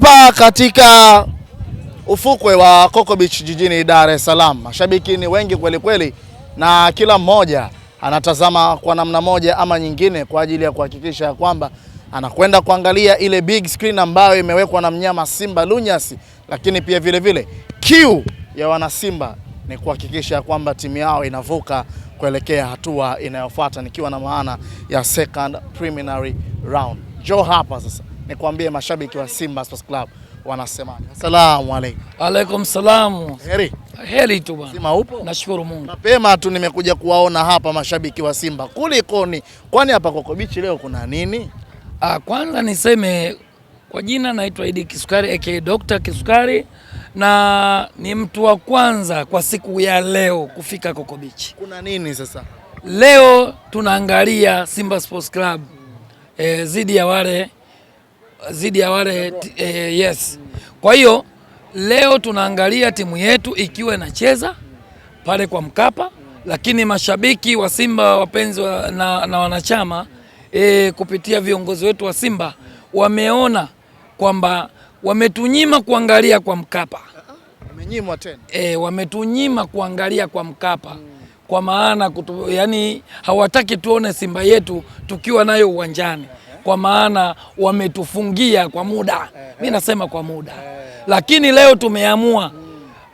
Hapa katika ufukwe wa Coco Beach jijini Dar es Salaam, mashabiki ni wengi kweli kweli, na kila mmoja anatazama kwa namna moja ama nyingine kwa ajili ya kuhakikisha ya kwamba anakwenda kuangalia ile big screen ambayo imewekwa na mnyama Simba Lunyasi, lakini pia vile vile kiu ya wanasimba ni kuhakikisha kwamba timu yao inavuka kuelekea hatua inayofuata, nikiwa na maana ya second preliminary round. Jo, hapa sasa nikwambie mashabiki wa Simba Sports Club wanasemaje. Asalamu alaykum. Alaykum salam. Heri. Heri tu bwana. Sima upo? Nashukuru Mungu. Mapema tu nimekuja kuwaona hapa mashabiki wa Simba. Kulikoni? Kwani hapa Coco Beach leo kuna nini? Ah, kwanza niseme kwa jina naitwa Idi Kisukari aka Dr. Kisukari na ni mtu wa kwanza kwa siku ya leo kufika Coco Beach. Kuna nini sasa? Leo tunaangalia Simba Sports Club eh, zidi ya wale dhidi ya wale eh, yes. Kwa hiyo leo tunaangalia timu yetu ikiwa inacheza pale kwa Mkapa, lakini mashabiki wa Simba wapenzi na, na wanachama eh, kupitia viongozi wetu wa Simba wameona kwamba wametunyima kuangalia kwa Mkapa wamenyimwa tena Eh, wametunyima kuangalia kwa Mkapa Kwa maana kutu, yani hawataki tuone Simba yetu tukiwa nayo uwanjani kwa maana wametufungia kwa muda. Mi eh, eh. nasema kwa muda, eh. lakini leo tumeamua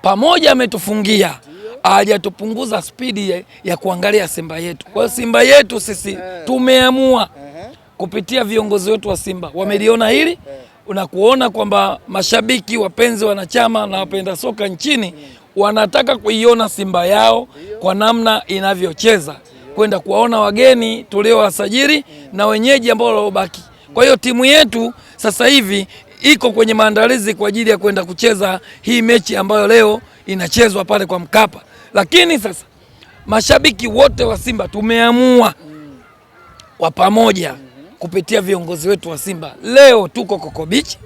pamoja, ametufungia hajatupunguza spidi ya, ya kuangalia Simba yetu. Kwa hiyo Simba yetu sisi tumeamua kupitia viongozi wetu wa Simba wameliona hili na kuona kwamba mashabiki, wapenzi, wanachama na wapenda soka nchini hmm. wanataka kuiona Simba yao kwa namna inavyocheza kwenda kuwaona wageni tuliowasajili na wenyeji ambao waliobaki. Kwa hiyo timu yetu sasa hivi iko kwenye maandalizi kwa ajili ya kwenda kucheza hii mechi ambayo leo inachezwa pale kwa Mkapa. Lakini sasa mashabiki wote wa Simba tumeamua kwa pamoja kupitia viongozi wetu wa Simba, leo tuko Koko Beach,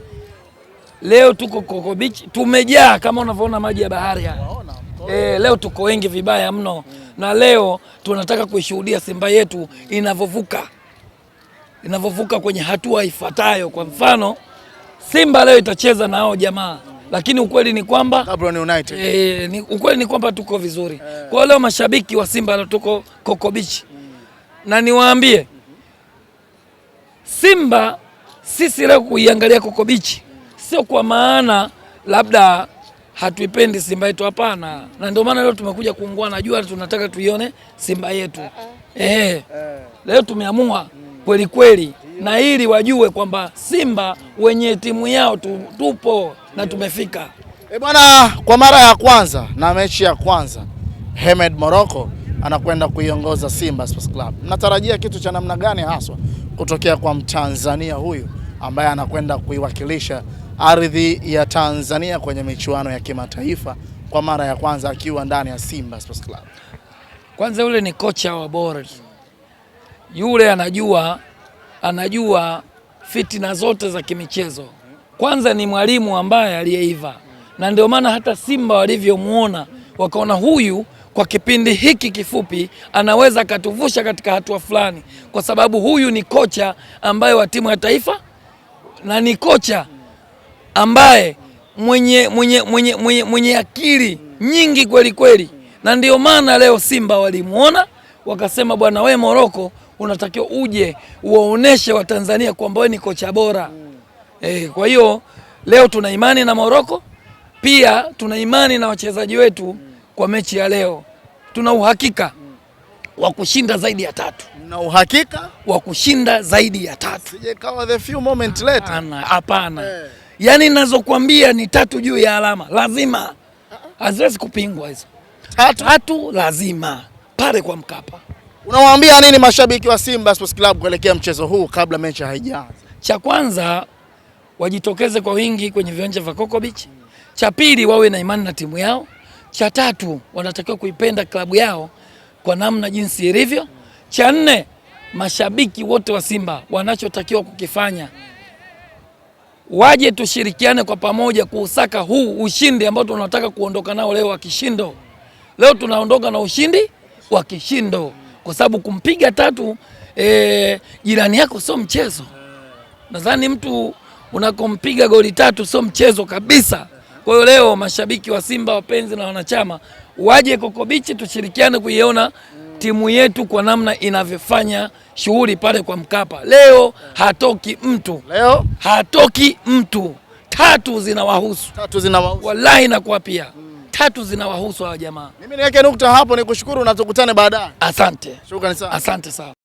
leo tuko Koko Beach, tumejaa kama unavyoona maji ya bahari haya. E, leo tuko wengi vibaya mno Na leo tunataka kuishuhudia Simba yetu inavyovuka inavyovuka kwenye hatua ifuatayo. Kwa mfano Simba leo itacheza na hao jamaa, lakini ukweli ni kwamba United. E, ni, ukweli ni kwamba tuko vizuri eh. Kwa leo mashabiki wa Simba leo tuko Coco Beach Na niwaambie Simba sisi leo kuiangalia Coco Beach sio kwa maana labda hatuipendi Simba yetu, hapana. Na ndio maana leo tumekuja kuungwana, jua tunataka tuione Simba yetu uh-huh. eh. eh. Leo tumeamua mm. kweli kweli, na ili wajue kwamba Simba wenye timu yao tu, tupo na tumefika. E bwana, kwa mara ya kwanza na mechi ya kwanza Hemed Morocco anakwenda kuiongoza Simba Sports Club. Mnatarajia kitu cha namna gani haswa kutokea kwa Mtanzania huyu ambaye anakwenda kuiwakilisha ardhi ya Tanzania kwenye michuano ya kimataifa kwa mara ya kwanza akiwa ndani ya Simba Sports Club. Kwanza yule ni kocha wa bora, yule anajua anajua fitina zote za kimichezo. Kwanza ni mwalimu ambaye aliyeiva, na ndio maana hata Simba walivyomwona wakaona huyu kwa kipindi hiki kifupi anaweza akatuvusha katika hatua fulani, kwa sababu huyu ni kocha ambaye wa timu ya taifa na ni kocha ambaye mwenye, mwenye, mwenye, mwenye, mwenye akili nyingi kweli kweli, na ndio maana leo Simba walimwona wakasema, bwana we Moroko unatakiwa uje uwaoneshe Watanzania kwamba we ni kocha bora e. Kwa hiyo leo tuna imani na Moroko, pia tuna imani na wachezaji wetu. Kwa mechi ya leo tuna uhakika wa kushinda zaidi ya tatu na uhakika wa kushinda zaidi ya tatu. Sije kawa the few moment later. Hapana. Eh yaani ninazokuambia ni tatu juu ya alama, lazima haziwezi kupingwa hizo tatu. Tatu lazima pale kwa Mkapa. Unawaambia nini mashabiki wa Simba Sports Club kuelekea mchezo huu kabla mechi haijaanza? Cha kwanza wajitokeze kwa wingi kwenye viwanja vya Coco Beach. Cha pili wawe na imani na timu yao. Cha tatu wanatakiwa kuipenda klabu yao kwa namna jinsi ilivyo. Cha nne mashabiki wote wa Simba wanachotakiwa kukifanya waje tushirikiane kwa pamoja kuusaka huu ushindi ambao tunataka kuondoka nao leo wa kishindo. Leo tunaondoka na ushindi wa kishindo, kwa sababu kumpiga tatu e, jirani yako sio mchezo. Nadhani mtu unakompiga goli tatu sio mchezo kabisa. Kwa hiyo leo mashabiki wa Simba, wapenzi na wanachama, waje Kokobichi tushirikiane kuiona timu yetu kwa namna inavyofanya shughuli pale kwa Mkapa. Leo hatoki mtu, leo hatoki mtu. Tatu zinawahusu, tatu zinawahusu, wallahi nakuapia tatu zinawahusu hawa jamaa. Mimi niweke nukta hapo, nikushukuru na tukutane baadaye. Asante, shukrani sana, asante sana.